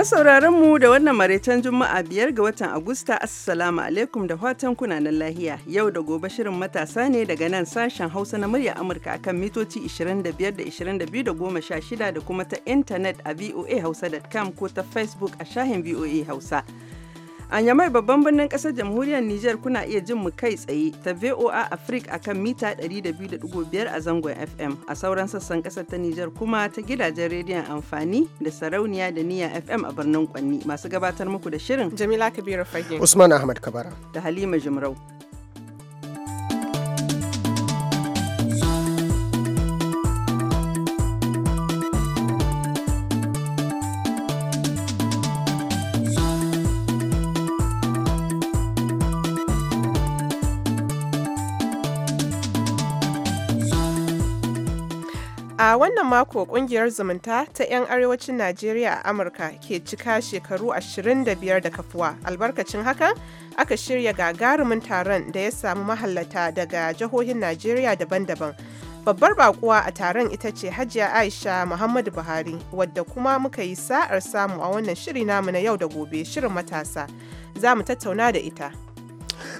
Masu sauraron mu da wannan maraicen Juma'a biyar ga watan Agusta, Assalamu alaikum da fatan kuna nan lahiya. Yau da gobe shirin matasa ne daga nan sashen Hausa na murya Amurka akan mitoci 25 da 22 da 16 da kuma ta intanet a voahausa.com ko ta Facebook a shahin VOA Hausa. A Nyamai babban birnin ƙasar jamhuriyar Nijar kuna iya jin mu kai tsaye ta VOA Africa akan mita 102.5 a zangon FM a sauran sassan kasar ta Nijar kuma ta gidajen rediyon amfani da sarauniya da niya FM a birnin Kwanni masu gabatar muku da shirin Jamila Kabiru Fage Usman Ahmad Kabara da Halima Jimrau. wannan mako kungiyar zumunta ta 'yan arewacin Najeriya a Amurka ke cika shekaru 25 da kafuwa. Albarkacin hakan aka shirya gagarumin taron da ya samu mahallata daga jihohin Najeriya daban-daban. Babbar bakuwa a taron ita ce Hajiya Aisha Muhammadu Buhari wadda kuma muka yi sa'ar samu a wannan shiri namu na yau da gobe shirin matasa. Za mu tattauna da ita.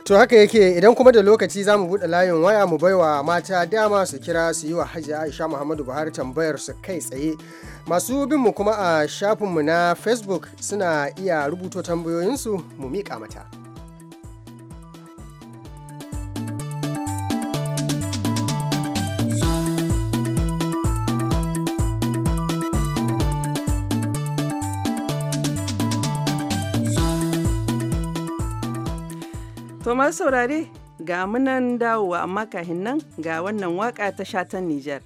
to haka yake idan kuma da lokaci za mu buɗe layin waya mu baiwa mata dama su kira su yi wa hajiya aisha muhammadu buhari tambayar su kai tsaye masu bin mu kuma a shafinmu na facebook suna iya rubuto tambayoyinsu mu miƙa mata To masu saurare ga munan dawowa amma kahin nan ga wannan waka ta shatan Nijar.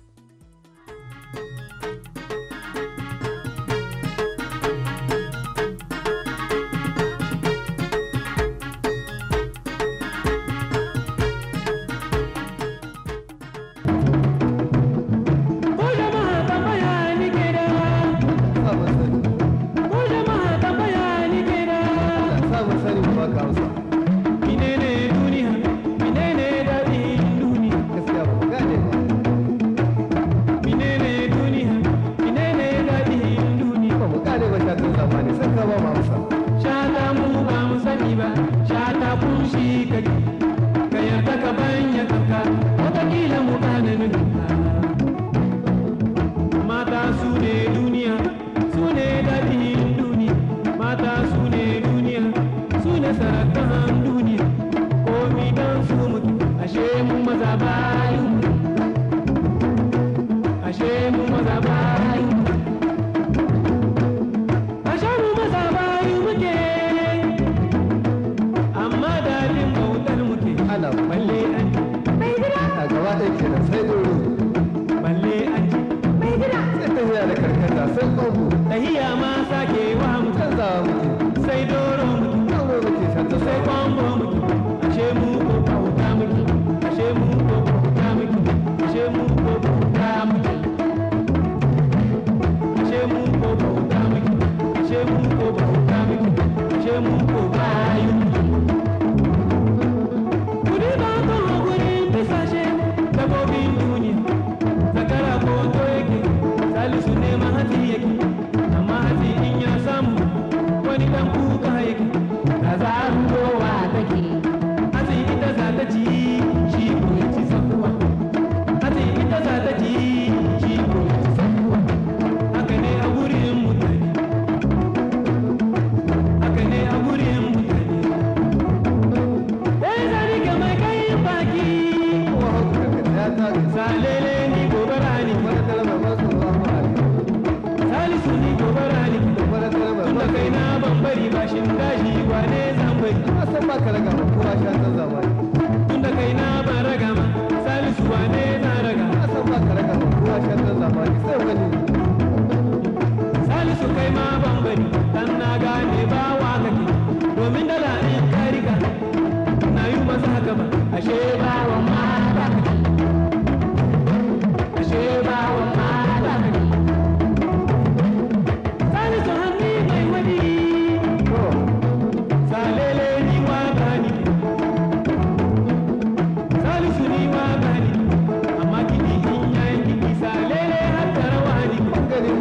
没有。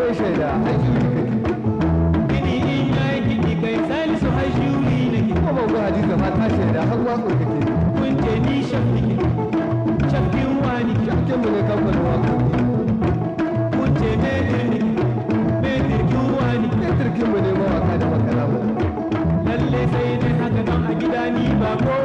kai shaida ko ba ku hadiza ma ta shaida har waƙo kake kun je ni shafi shafin wani shafin mu ne kamfanin waƙo kun je ne dirni ne dirkin wani ne dirkin mu ne mawaka da makara mu lalle sai dai haka nan a gida ni ba ko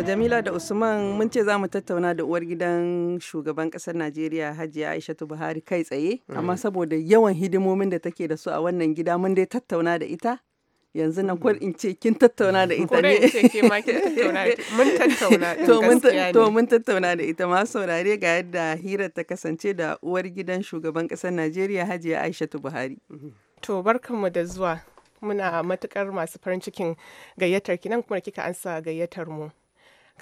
Jamila da Usman mun ce za mu tattauna da uwar gidan shugaban ƙasar Najeriya Hajiya Aishatu Buhari kai tsaye, amma mm. saboda yawan hidimomin da take da su a wannan gida mun dai tattauna da ita yanzu nan kwar mm. in ce kin tattauna da ita ne. Mun tattauna To mun tattauna da ita ma saurare ga yadda hira ta kasance da uwar gidan shugaban ƙasar Najeriya Hajiya Aishatu Buhari. Mm-hmm. To barkanmu da zuwa. Muna matukar masu farin cikin gayyatar ki nan kuma kika ansa gayyatar mu.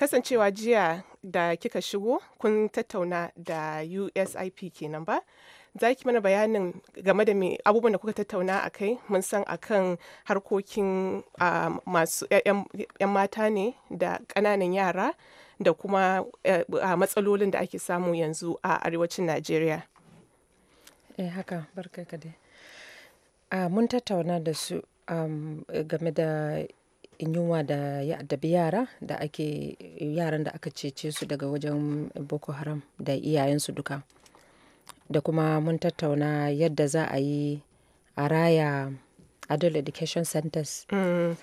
kasancewa jiya da kika shigo kun tattauna da usip kenan ba za ki mana bayanin game da abubuwan da kuka tattauna a kai mun san akan harkokin masu 'yan mata ne da ƙananan yara da kuma a matsalolin da ake samu yanzu a arewacin najeriya eh haka barka ka dai ah, mun tattauna da su game da in yunwa da ya addabi yara da ake yaran da aka cece su daga wajen boko haram da iyayensu duka da kuma mun tattauna yadda za a yi a raya adult education centers mm,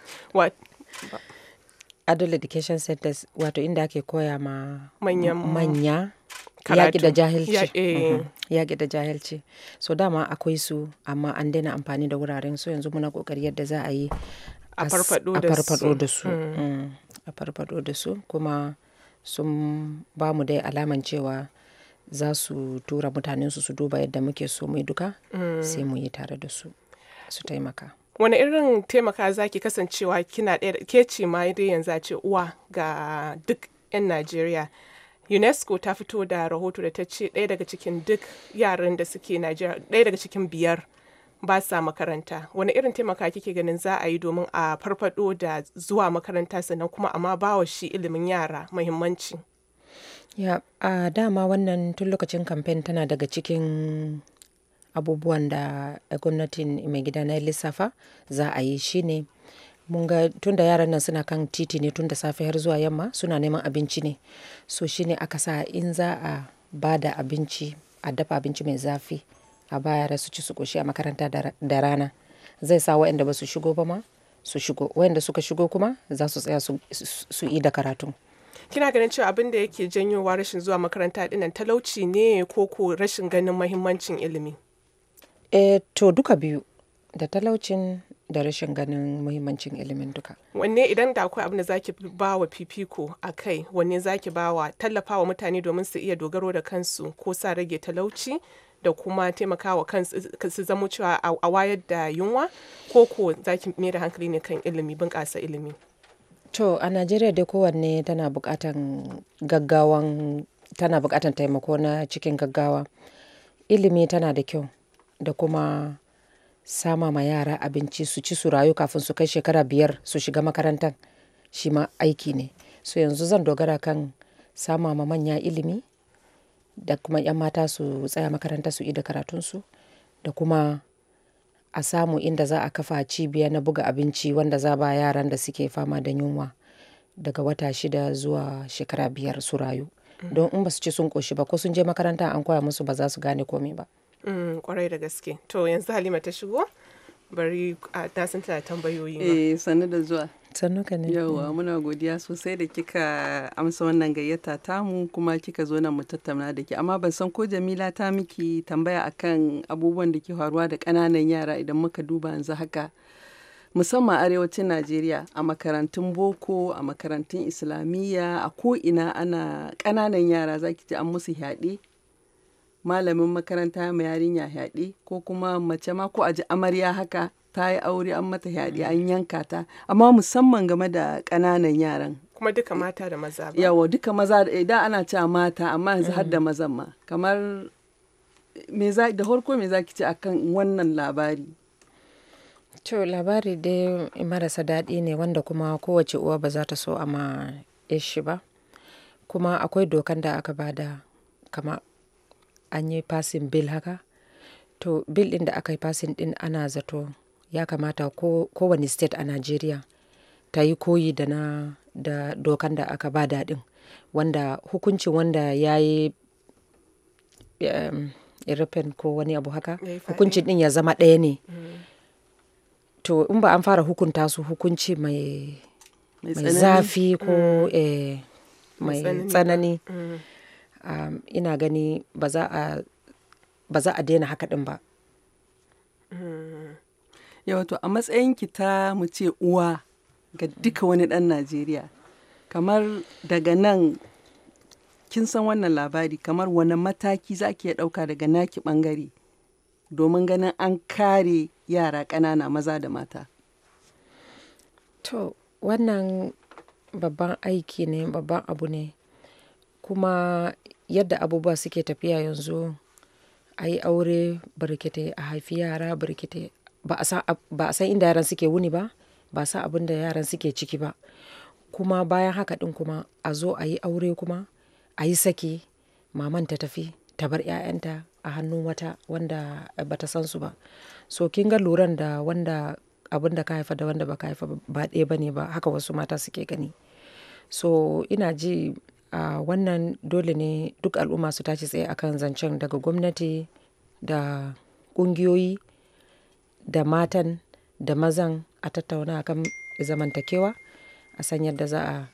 adult education centers wato inda ake koya ma manya yaƙi da jahilci eh. mhm. yaƙi da jahilci so dama akwai su amma an daina amfani da wuraren su yanzu muna ƙoƙari yadda za a yi a farfado da su hmm. Hmm. a farfado da su kuma sun ba mu dai alaman cewa za su tura mutanensu su duba yadda muke so mai duka hmm. sai mu yi tare da su su taimaka wani irin taimaka za ki kasancewa kina ke ce ma dai yanzu a ce uwa ga duk 'yan najeriya unesco ta fito da rahoto da ta ce ɗaya daga cikin duk yaran da suke najeriya ɗaya daga cikin biyar ba sa makaranta wani irin taimaka kike ganin za a yi domin a farfado da zuwa makaranta sannan kuma amma ba wa shi ilimin yara muhimmanci ya a dama wannan tun lokacin kamfen tana daga cikin abubuwan da gwamnatin mai gida na lissafa za a yi shi mun ga da yaran nan suna kan titi ne tun da safe har zuwa yamma suna neman abinci ne so shi ne aka sa in za a ba da abinci a dafa abinci mai zafi a baya da su ci su koshi a makaranta da rana zai sa waɗanda ba su shigo ba ma su shigo waɗanda suka shigo kuma za su tsaya su yi da karatu kina ganin cewa abin da yake janyowa rashin zuwa makaranta dinnan talauci ne ko ko rashin ganin mahimmancin ilimi eh to duka biyu da talaucin da rashin ganin muhimmancin ilimin duka. Wanne idan da akwai abin da zaki ba wa fifiko a kai, wanne zaki ba wa tallafa wa mutane domin su iya dogaro da kansu ko sa rage talauci da kuma taimakawa kan su zamo cewa a wayar da yunwa ko ko zaki mai da hankali ne kan ilimi bunƙasa ilimi to a najeriya dai kowanne tana buƙatan gaggawan tana buƙatan taimako na cikin gaggawa ilimi tana da kyau da kuma sama ma yara abinci su ci su rayu kafin su kai shekara biyar su shiga makarantar shi ma aiki ne so yanzu zan dogara kan sama ma manya ilimi da kuma 'yan mata su tsaya makaranta su ida karatunsu da kuma a samu inda za a kafa cibiya na buga abinci wanda za ba yaran da suke fama da yunwa daga wata shida zuwa shekara biyar su rayu mm. don in ba su ci sun koshi ba ko sun je makaranta an koya musu ba za su gane komai ba kwarai mm, da gaske to yanzu halima ta shigo bari a san tana tambayoyi eh sannu da zuwa sannu ka ne yawa muna godiya sosai da kika amsa wannan gayyata tamu kuma kika zo nan mu tattauna da ke amma ban san ko jamila ta miki tambaya akan abubuwan da ke faruwa da ƙananan yara idan muka duba yanzu haka musamman arewacin najeriya a makarantun boko a makarantun islamiyya a ko ina ana ƙananan yara za ki ji an musu yaɗe malamin makaranta mai yarinya yaɗe ko kuma mace ma ko a ji amarya haka ta yi aure an mata yaɗi an yanka ta amma musamman game da ƙananan yaran kuma duka mata da maza ba yawa duka maza eh, da idan ana cewa mata amma yanzu har da mm. mazan ma kamar da farko me za ki ce akan wannan labari to labari dai marasa daɗi ne wanda kuma kowace uwa ba za ta so ama ishi ba kuma akwai dokan da aka bada kama an yi fasin bil haka to bil ɗin da aka yi fasin ɗin ana zato ya kamata kowane state a najeriya ta yi koyi da na da dokan da aka ba daɗin wanda hukuncin wanda ya yi irifin ko wani abu haka hukuncin din ya zama ɗaya ne mm. to in ba an fara hukunta su hukunci mai zafi ko mm. eh, mai tsanani mm. ina gani ba za a daina haka ɗin ba Yawato a matsayinki ta mu ce uwa ga duka wani dan Najeriya. Kamar daga nan kin san wannan labari kamar wani mataki za ki iya ɗauka daga naki bangare domin ganin an kare yara ƙanana maza da mata. To wannan babban aiki ne babban abu ne kuma yadda abubuwa suke tafiya yanzu a yi aure barkete a haifi yara barkete ba a san inda yaran suke wuni ba ba san abin da yaran suke ciki ba kuma bayan haka ɗin kuma a zo a yi aure kuma a yi saki maman ta tafi ta bar 'ya'yanta a hannun wata wanda ba ta san su ba so kin ga luran da wanda abin da ka haifa da wanda ba ka haifa ba ɗaya ba ne ba haka wasu mata suke gani so ina ji a uh, wannan dole ne duk al'umma su tashi tsaye akan zancen daga gwamnati da ƙungiyoyi da matan da mazan a tattauna kan zamantakewa a san yadda za a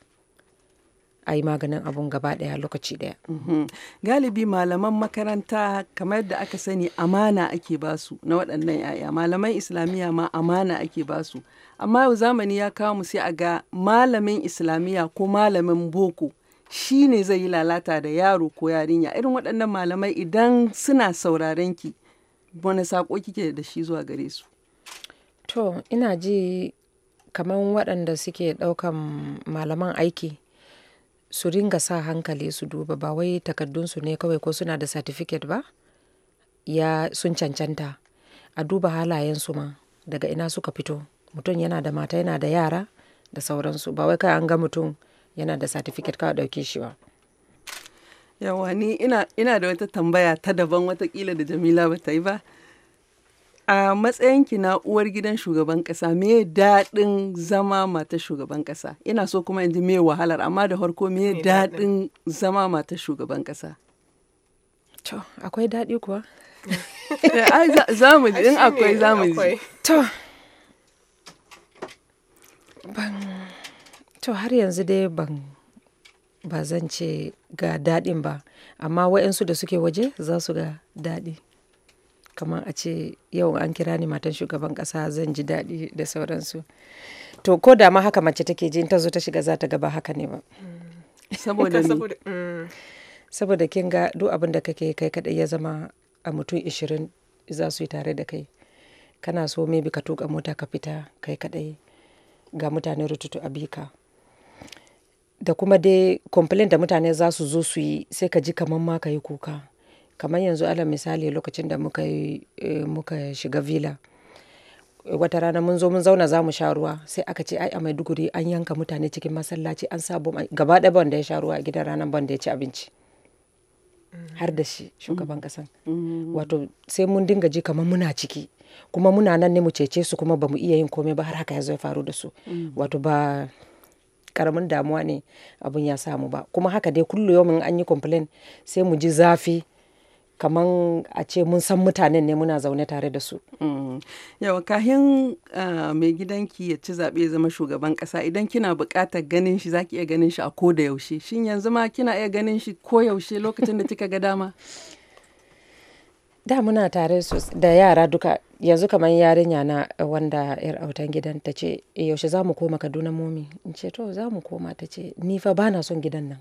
a yi maganin abun gaba daya lokaci daya. Mhm. Galibi malaman makaranta kamar yadda aka sani amana ake basu na waɗannan 'ya'ya malaman islamiyya ma amana ake basu amma yau zamani ya kawo mu sai a ga malamin islamiyya ko malamin boko shi ne zai yi lalata da yaro ko yarinya irin waɗannan malamai idan suna sauraren ki wani sako kike da shi zuwa gare su to ina ji kamar waɗanda suke ɗaukan malaman aiki su ringa sa hankali su duba ba wai takardunsu ne kawai ko suna da satifiket ba ya sun cancanta a duba halayensu ma daga ina suka fito mutum yana da mata yana da yara da sauransu ba wai kai an ga mutum yana da satifiket kawai ɗauke shi ba Yawa ni ina, ina da wata tambaya ta daban watakila da Jamila ba ta yi ba. A matsayinki na uwar gidan shugaban kasa me daɗin zama mata shugaban kasa Ina so kuma in ji me wahalar, amma da farko me daɗin zama mata shugaban kasa. To, akwai daɗi kuwa? Eh, ai, za mu ji, in akwai za mu ji. To, ban, to har yanzu dai ban ba zan ce ga daɗin ba amma waɗansu da suke waje za su ga daɗi kamar a ce yau an kira ni matan shugaban ƙasa zan ji daɗi da sauransu to ko da ma haka mace take ji ta zo ta shiga za ta gaba haka ne ba mm. saboda mm. saboda kin ga duk abin da kake kai kadai ya zama a mutum 20 za su yi tare da kai kana so maybe ka tuka mota ka fita kai kadai ga mutane rututu a bika da kuma dai complain da mutane za su zo su yi sai ka ji kamar ma ka yi kuka kamar yanzu ala misali lokacin da muka, eh, muka shiga villa eh, wata rana mun zo mun zauna za mu sha ruwa sai aka ce ai a maiduguri an yanka mutane cikin masallaci an sa gaba ɗaya ban da ya sha ruwa a gidan ranar ban da ya ci abinci mm. har da shi shugaban kasan mm. mm. wato sai mun dinga ji kamar muna ciki kuma muna nan ne mu cece su kuma ba mu iya yin komai ba har haka ya zo ya faru da su wato ba karamin damuwa ne abin ya samu ba kuma haka dai kullum an yi complain sai mu ji zafi kamar a ce mun san mutanen ne muna zaune tare da su. yawa mm. Yau kahin ah, mai gidanki ya ci zaɓe zama shugaban ƙasa idan kina buƙatar ganin shi zaki iya ganin shi a ko da yaushe shin yanzu ma kina iya ganin shi ko yaushe lokacin da kika ga dama? da muna tare su da yara duka yanzu kamar yarinya na eh, wanda yar autan gidan ta ce eh, yaushe za mu koma kaduna momi in ce to za mu koma ta ce ni fa bana son gidan nan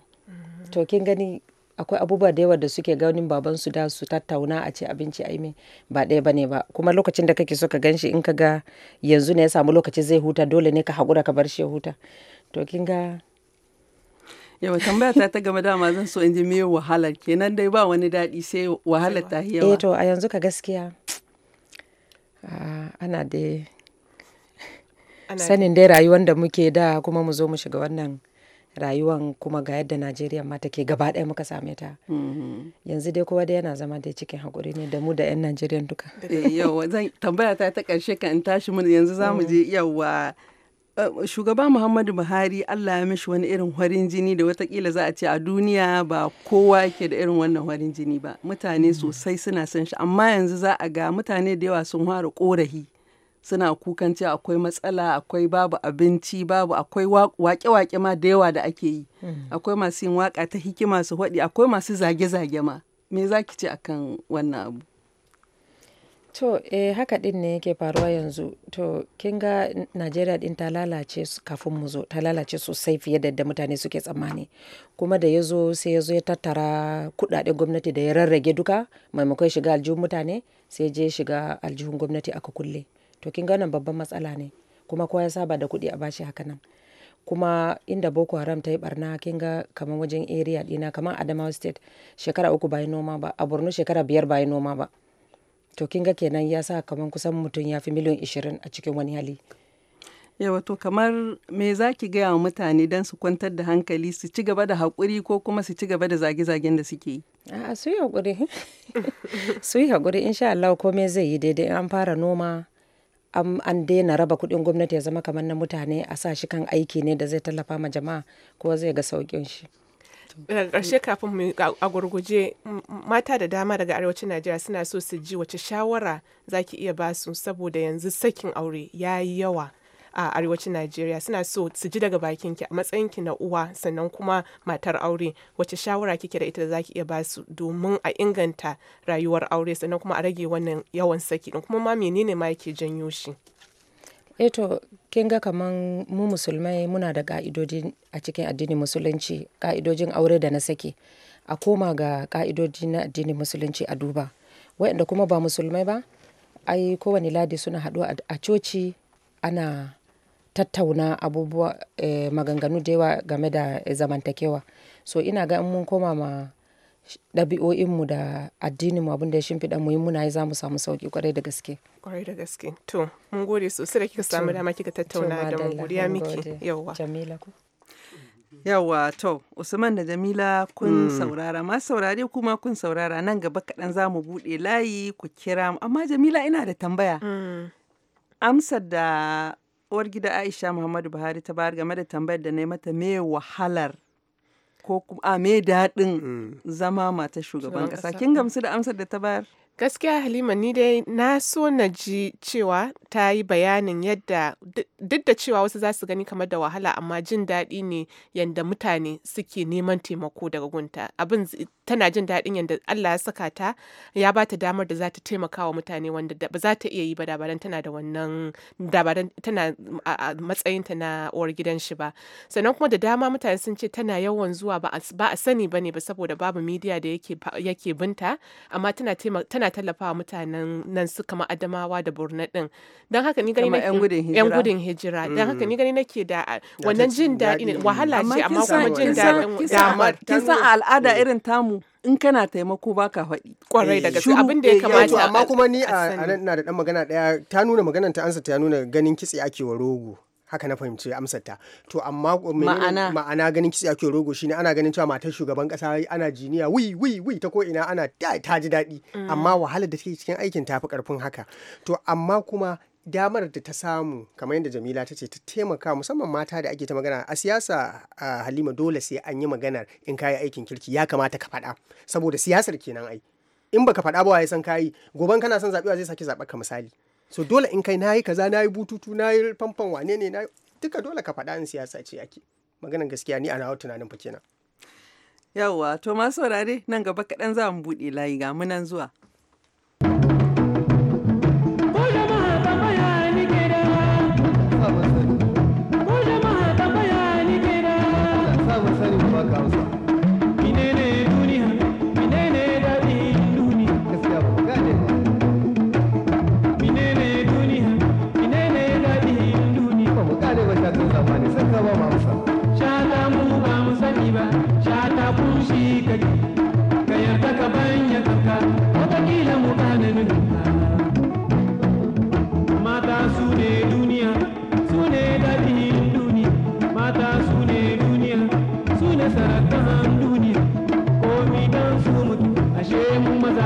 to kin gani akwai abubuwa da yawa da suke ganin baban su da su tattauna a ce abinci ai ba ɗaya bane ba kuma lokacin da kake so ka ganshi in ka ga yanzu ne ya samu lokaci zai huta dole ne ka hakura ka bar shi ya huta to kin ga Yawa tambaya ta ta game dama zan so in ji miyo wahalar kenan dai ba wani daɗi sai wahalar ta yawa. Eh to a yanzu ka gaskiya ah, ana da sanin dai rayuwar da muke da kuma mu zo mu shiga wannan rayuwan kuma ga yadda najeriya ma take gaba ɗaya muka same ta mm-hmm. yanzu dai kowa dai yana zama dai cikin haƙuri ne da mu da 'yan najeriya duka eh, yawa zan tambaya ta ta ƙarshe in tashi mun yanzu za mu je yawa Eh, shugaba Muhammadu Buhari Allah ya mishi wani irin warin jini da watakila za a ce a duniya ba kowa ke da irin wannan warin jini ba mutane mm. sosai suna son shi amma yanzu za a ga mutane da yawa sun fara korahi suna kukan cewa akwai matsala akwai babu abinci babu akwai wake-wake ma da yawa da ake yi mm. akwai masu yin waka ta hikima su haɗi akwai masu zage-zage ma me za ki ce akan wannan abu To, eh, haka din ne yake faruwa yanzu. To, kin ga Najeriya din ta lalace kafin mu zo, ta lalace sosai fiye da yadda mutane suke tsammani. Kuma da ya zo sai ya ya tattara kuɗaɗen gwamnati da ya rarrage duka, maimakon shiga aljihun mutane, sai je shiga aljihun gwamnati aka kulle. To, kin ga nan babban matsala ne. Kuma kowa ya saba da kuɗi a bashi haka nan. Kuma inda Boko Haram ta yi barna kin ga kamar wajen area dina, kamar Adamawa State, shekara uku ba noma ba, a Borno shekara biyar ba noma ba. to kin ga kenan ya sa kamar kusan mutum ya fi miliyan 20 a cikin wani hali yawa to kamar me za ki gaya wa mutane don su kwantar da hankali su ci gaba da haƙuri ko kuma su ci gaba da zage-zagen da suke yi a su yi haƙuri su yi haƙuri insha Allah komai zai yi daidai an fara noma an daina raba kuɗin gwamnati ya zama kamar na mutane a sa shi kan aiki ne da zai tallafa ma jama'a ko zai ga sauƙin shi daga ƙarshe kafin mu a gurguje mata da dama daga arewacin najeriya suna so su ji wace shawara za ki iya basu saboda yanzu sakin aure ya yi yawa a arewacin najeriya suna so su ji daga bakin ki a matsayin ki na uwa sannan kuma matar aure wace shawara kike da ita da zaki iya basu domin a inganta rayuwar aure sannan kuma a rage wannan yawan saki kuma ma menene ma yake janyo shi eto eh to kin ga kaman mu musulmai muna da ƙa'idodi a cikin addinin musulunci, ka'idojin aure da na sake A koma ga ƙa'idodi na addinin musulunci a duba. wayanda kuma ba musulmai ba, ai kowane ladi suna haɗuwa a coci ana tattauna abubuwa, eh, maganganu da yawa game da zamantakewa. So ina ga in mun koma ma ɗabi'o'inmu da addininmu abin da ya shimfiɗa mu yi muna yi za mu samu sauƙi kwarai da gaske. Kwarai da gaske. To, mun gode sosai da kika samu dama kika tattauna da mu godiya miki. Yawwa. Jamila ku. Yawwa to, Usman da Jamila kun mm. saurara, ma saurare kuma kun saurara nan gaba kaɗan za mu buɗe layi ku kira Amma Jamila ina da tambaya. Mm. Amsar da uwar gida Aisha Muhammadu Buhari ta bayar game da tambayar da na yi mata me wahalar ko a me daɗin mm. zama mata shugaban ƙasa kin mm. gamsu da amsar da ta bayar gaskiya halima ni dai na so na ji cewa ta yi bayanin yadda duk da cewa wasu za su gani kamar da wahala amma jin daɗi ne yadda mutane suke neman taimako daga gunta abin tana jin daɗin yadda Allah ya saka ta ya ba ta damar da za ta taimaka wa mutane wanda ba za ta iya yi ba dabaran tana da wannan dabaran tana a matsayinta na uwar gidan shi ba sannan kuma da dama mutane sun ce tana yawan zuwa ba a sani ba ne ba saboda babu media da yake binta amma tana tana tallafawa mutanen nan su kama Adamawa da Borno din dan haka ni gani nake yan gudun hijira dan haka mm. ni gani nake da wannan jin daɗi wahala ce amma kuma jin daɗin damar kin san al'ada irin tamu samu in kana taimako baka faɗi. Kwarai da eh, gaske abin da ya eh, kamata. Amma kuma ni a nan na da ɗan magana ɗaya ta nuna maganar ta ansa ta nuna ganin kitse ake wa rogo. haka na fahimci amsar ta to amma ma'ana ma'ana ganin kitse ake rogo shine ana ganin cewa matar shugaban kasa ana jiniya wi wi wi ta ko ina ana ta ji daɗi mm. amma wahalar da take cikin aikin tafi karfin haka to amma kuma damar da ta samu kamar yadda jamila ta ce ta taimaka musamman mata da ake ta magana a siyasa a halima dole sai an yi maganar in kayi aikin kirki ya kamata ka faɗa saboda siyasar kenan ai in baka faɗa ba ya san kayi goban kana son zaɓewa zai sake zaɓar ka misali so dole in kai nayi kaza nayi bututu nayi fanfan wane ne nayi duka dole ka faɗa in siyasa ce ake maganar gaskiya ni a nawa tunanin fa kenan yawwa to ma saurare nan gaba kaɗan za mu buɗe layi ga nan zuwa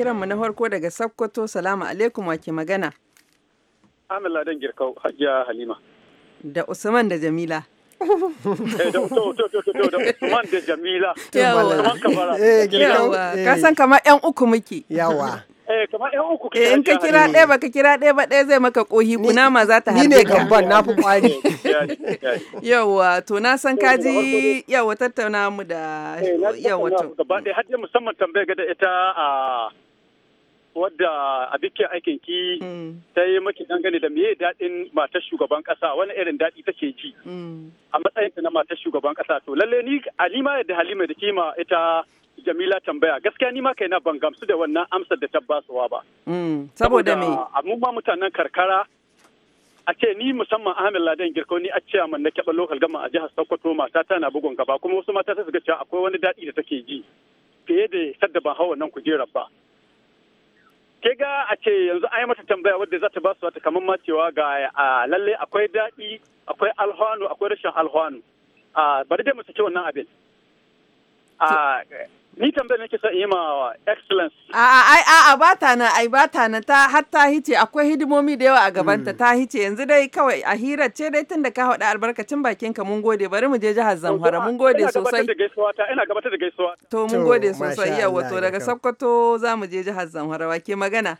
kiranmu na farko daga Sokoto. Salamu alaikum wake magana. Amila dan girkau Hajiya Halima. Da Usman da Jamila. Eh, Usman da Jamila. Yawa. Eh, eh. Ka san kamar 'yan uku muke. Yawa. Eh, in ka kira ɗaya ba, ka kira ɗaya ba ɗaya zai maka ƙohi ma za ta harbe ka. Ni ne gamban na fi Yawwa to na san ka ji yawa tattauna mu da yawa to. Gaba ɗaya har musamman tambaya ga da ita a ah, wadda a bikin aikin ki mm. ta yi maki dangane da meye daɗin matar shugaban ƙasa wani irin daɗi take ji mm. a matsayin na matar shugaban ƙasa to lalle ni alima yadda halima da kima ita jamila tambaya gaskiya ni ma kaina ban gamsu da wannan amsar da ta basuwa ba mm. saboda me mu mutanen karkara a ce ni musamman Ahmed Ladan Girko ni a cewa man na keɓe lokal gama a jihar Sokoto mata tana bugun gaba kuma wasu mata ta suka cewa akwai wani daɗi da take ji fiye da sadda ban hawa nan kujerar ba ke ga a ce yanzu an yi mata tambaya wadda za ta ba su wata kamar macewa ga lalle akwai daɗi akwai alhanu akwai rashin alhanu bari dai mu saki wannan abin Ah, ni tambayar nake son yi wa excellence. A'a, a ba ta nan, ai ba ta nan, ta har ta hice, akwai hidimomi da yawa a gabanta, hmm. ta hice, yanzu dai kawai a hira ce dai tun da ka haɗa albarkacin bakin ka mun gode, bari mu je jihar Zamfara, mun gode sosai. Ina gabatar da gaisuwa ta, To, mun gode sosai, yawa, to daga Sokoto za mu je jihar Zamfara, wa ke magana?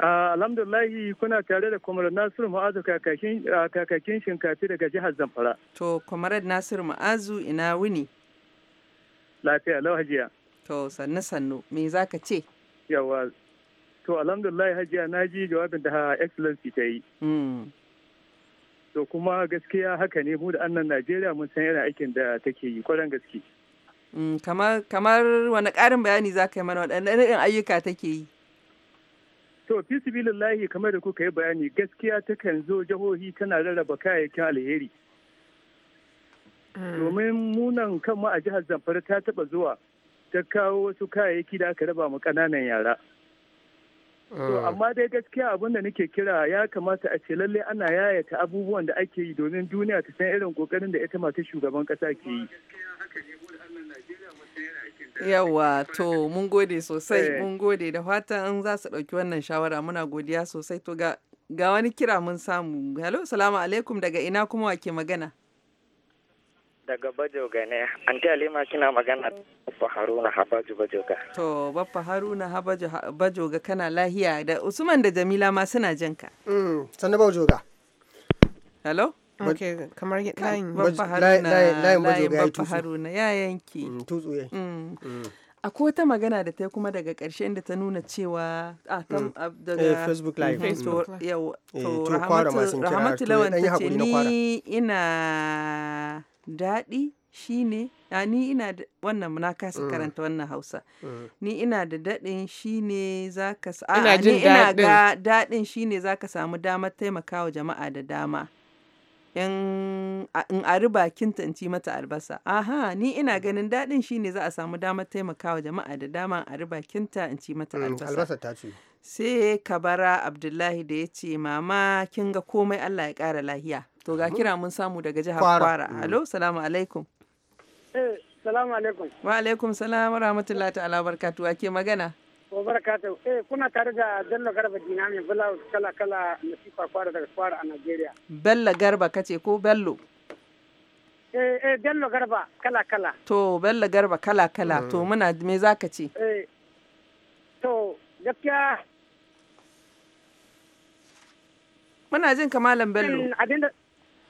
Ah, alhamdulillahi kuna tare da Kwamarar Nasiru Ma'azu ah, kakakin shinkafi daga jihar Zamfara. To, Kwamarar Nasiru Ma'azu ina wuni? Lafiya lau hajiya. To sannu sannu me za ka ce? Yawa to alhamdulillah hajiya na ji jawabin da excellency ta yi. Hmm. To kuma gaskiya haka ne mu da annan Najeriya mun san yana aikin da take yi kwaran gaske. Hmm, kamar wani ƙarin bayani za ka yi mana waɗannan irin ayyuka take yi. To fi kamar da kuka yi bayani gaskiya takan zo jihohi tana rarraba kayayyakin alheri. domin munan kanmu a jihar zamfara ta taba zuwa ta kawo wasu kayayyaki da aka raba mu kananan yara ah. amma dai gaskiya abin da nake kira ya kamata a ce lallai ana yayata abubuwan da ake yi domin duniya ta san irin kokarin da ita mata shugaban kasa ke yi yawa to mun gode sosai eh. mun gode da fatan an za su ɗauki wannan shawara muna godiya sosai to ga wani kira mun samu halo salamu alaikum daga ina kuma wake magana daga Bajoga ne. Anti Halima kina magana Baffa Haruna Habaju Bajoga. To Baffa Haruna Habaju Bajoga kana lahiya da Usman da Jamila ma suna jin ka. Mm, sanna Bajoga. Hello? Ok, kamar layin Baffa Haruna. Layin Bajoga ya Haruna ya yanki. Mm, tutsu ya. Mm. Mm. Akwai wata magana da ta yi kuma daga ƙarshe inda ta nuna cewa a kan daga eh, Facebook Live. Yau, eh, to Rahamatu Lawan ta ce ni ina daɗi shine a ni ina da wannan na kasa mm. karanta wannan hausa mm. ni ina da daɗin shine za a ina ni ina ga daɗin shine ka samu damar taimakawa jama'a da dama in a riba kinta in ci mata albasa aha ni ina ganin daɗin shine za a samu damar taimakawa jama'a da dama a riba kinta in ci mata mm, albasa sai kabara abdullahi da ya ce mama kin ga komai allah ya ƙara lahiya to ga kira mun samu daga jihar kwara mm. Alo salamu alaikum eh salamu alaikum wa alaikum salam wa rahmatullahi ta'ala barkatu ake magana wa barkatu? eh kuna tare da bello garba dina mai blouse kala kala na sifa kwara daga kwara a nigeria bello garba kace ko bello eh eh bello garba kala kala to bello garba kala kala to mm. muna me zaka ce eh to gaskiya Muna jin kamalan Bello.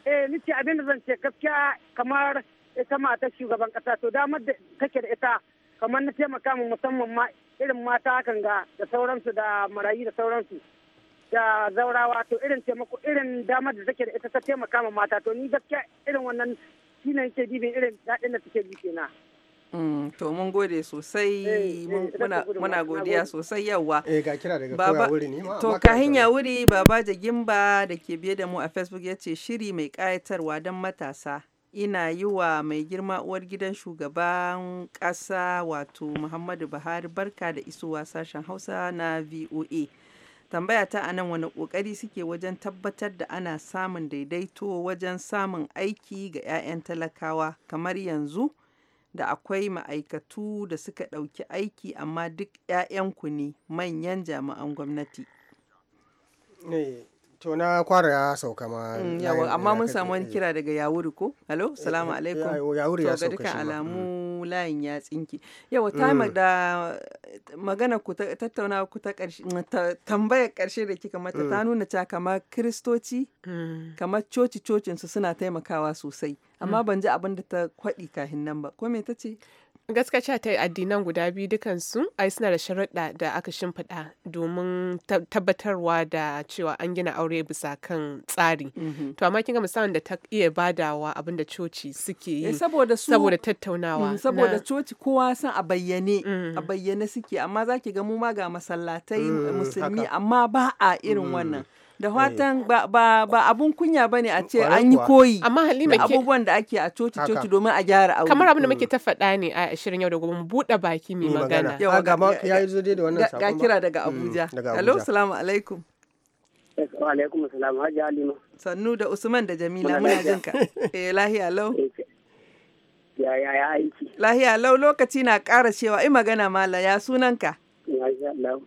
Eh, abin da zan ce gaskiya kamar ita mata shugaban kasa to damar da take da ita kamar na taimaka mu musamman ma irin mata hakan ga da sauransu da marayu da sauransu da zaurawa to irin taimako irin damar da take da ita ta taimaka mu mata to ni gaskiya irin wannan shine yake dibin irin daɗin da take bi kenan. Mm, to mun gode sosai eh, eh, muna godiya sosai yawa eh, to ka hinya wuri baba jagimba da ke biye da mu a facebook ya ce shiri mai kayatarwa don matasa ina yi wa mai girma uwar gidan shugaban ƙasa wato muhammadu buhari barka da isowa sashen hausa na voa tambaya ta anan wani kokari suke wajen tabbatar da ana samun daidaito wajen samun aiki ga 'ya'yan talakawa kamar yanzu da akwai ma'aikatu da suka ɗauki aiki amma duk 'ya'yanku ne manyan jami'an gwamnati. Eh, to na kwara ya sauka ma mm, yawa amma mun samu wani kira daga yawuri ko halo eh, salamu eh, alaikum eh, yawuri ya sauka shi alamu mm. layin ya tsinki yawa ta mm. da magana ku tattauna ku ta karshe tambayar karshe da kika mata ta nuna ta kamar kristoci kamar coci cocin su suna taimakawa sosai amma ban ji abin da ta kwaɗi kahin nan ba ko me ta ce gaskaciya ta addinan guda biyu dukansu ai suna da sharuɗa da aka shimfiɗa domin tabbatarwa da cewa an gina aure bisa kan tsari mm-hmm. to amma ga musamman da ta iya badawa abin da coci suke yi eh, saboda tattaunawa mm, saboda coci kowa san a bayyane a mm. bayyane suke amma zaki ga mu ma ga masallatai mm, musulmi amma ba a irin wannan da eh. fatan ba abun kunya ba ne a ce an yi koyi amma halima ke abubuwan da ake a coci coci domin a gyara aure kamar abin da mm. muke ta faɗa ne a shirin yau da gobe mu buɗe baki mai magana yawa ga ya yi zo da wannan sakon ga kira daga mm, Abuja hello salamu alaikum wa alaikum halima sannu da Usman da Jamila muna jin ka eh lahiya lau ya ya ya aiki lahiya lau lokaci na ƙara cewa i magana mala ya sunanka ya Allah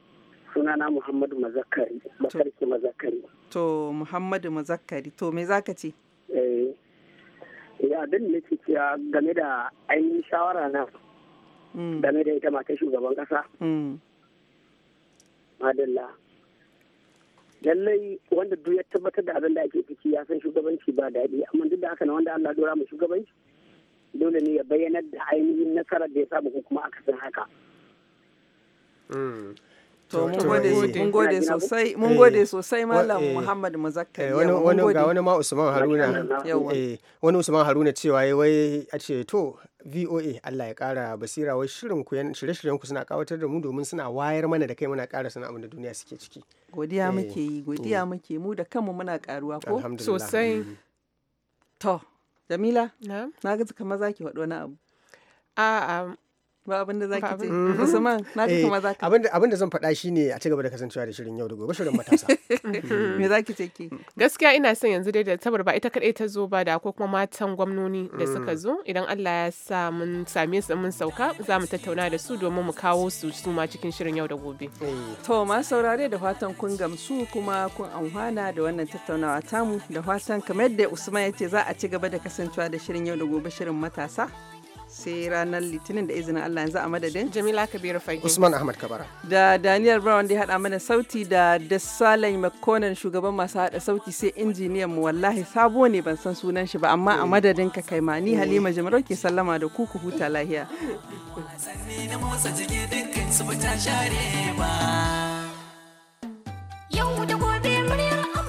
sunana muhammadu mazakari masarki mazakari to muhammadu mazakari to me zaka ce eh ya abin da ke cewa game da ainihin shawara na mm. game da ita matar shugaban kasa mm. madalla lallai wanda duk ya tabbatar da abin da ake ciki ya san shugabanci ba daɗi amma duk da haka na wanda Allah dora mu shugabanci dole ne ya bayyanar da ainihin nasarar da ya samu kuma aka san haka mm. To mun gode sosai mun eh. gode sosai Malam eh. Muhammad Muzakkari. Eh, wani ga wani ma Usman Haruna. Wani Usman Haruna cewa wai a ce to VOA Allah ya kara basira wai shirin ku shirye-shiryen ku suna kawatar da mu domin suna wayar mana da kai muna kara sana abin da duniya suke ciki. Godiya muke yi godiya muke mu da kanmu muna karuwa ko sosai. Mm. To Jamila na ga kamar zaki faɗi abu. A'a ba abin da mhm. zaki ce musamman na ji eh, kuma zaka abin da zan faɗa shine a cigaba da kasancewa da shirin yau da gobe shirin matasa mhm. me zaki ce ke gaskiya ina son yanzu dai da tabar ba ita kadai ta zo ba da ko kuma matan gwamnoni da mm. suka zo idan Allah ya sa mun same su mun sauka za mu tattauna da su domin mu kawo su su ma cikin shirin yau da gobe eh. to ma saurare da fatan kun gamsu kuma kun amfana da wannan tattaunawa tamu da fatan kamar yadda Usman ya ce za a cigaba da kasancewa da shirin yau da gobe shirin matasa sai ranar litinin da izinin Allah yanzu a madadin Jamila Kabiru Fage Usman Ahmad Kabara da Daniel Brown da ya hada mana sauti da Desalay McConan shugaban masu hada sauti sai injiniyan mu wallahi sabo ne ban san sunan shi ba amma a madadin ka kai ma ni Halima Jamaro ke sallama da ku ku huta lahiya Yau da gobe muryar